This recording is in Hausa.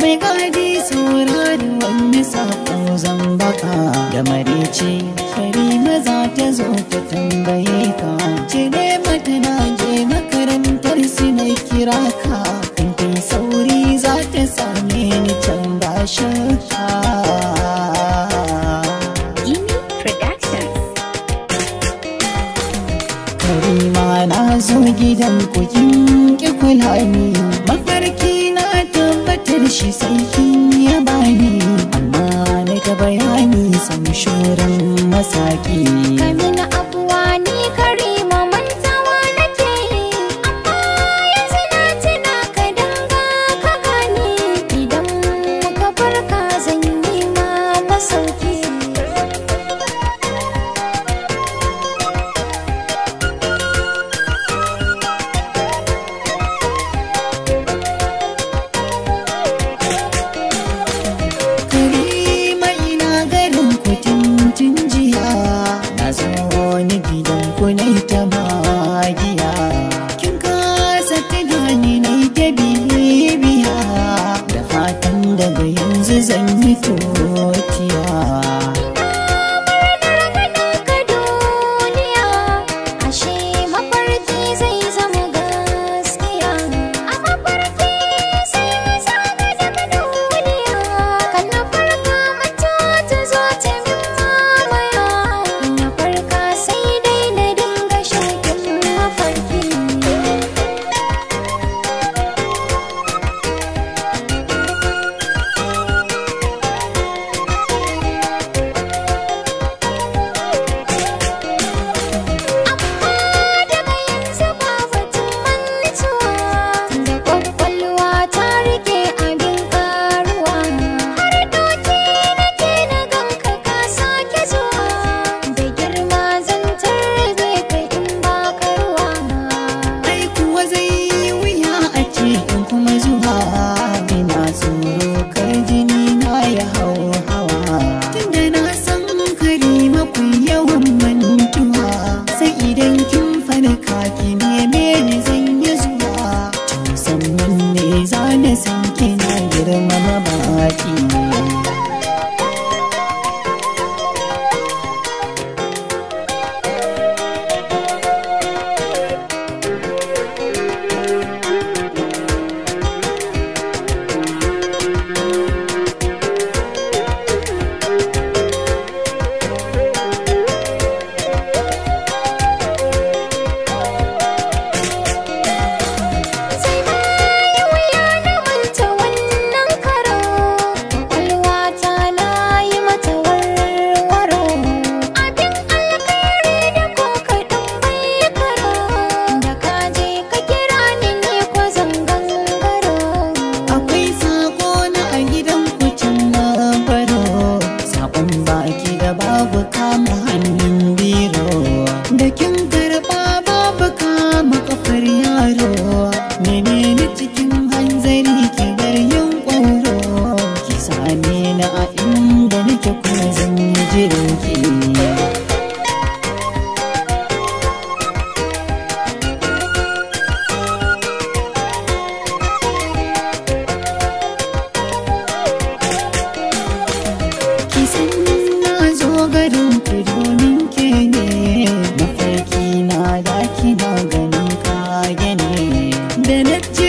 mai gadi saurari wani zan baka da marice kari maza ta zo ta tambaye ka ne mata na je makarantar su na kira ka kankan sauri za ta same ni can ba ta. Karima na zo gidan kukin ki kula mafarki buƙatar shi sai ya bani amma na ta bayani san shoran masaki You. garin domin ke ne mafarki na daki na ganin kage ne da na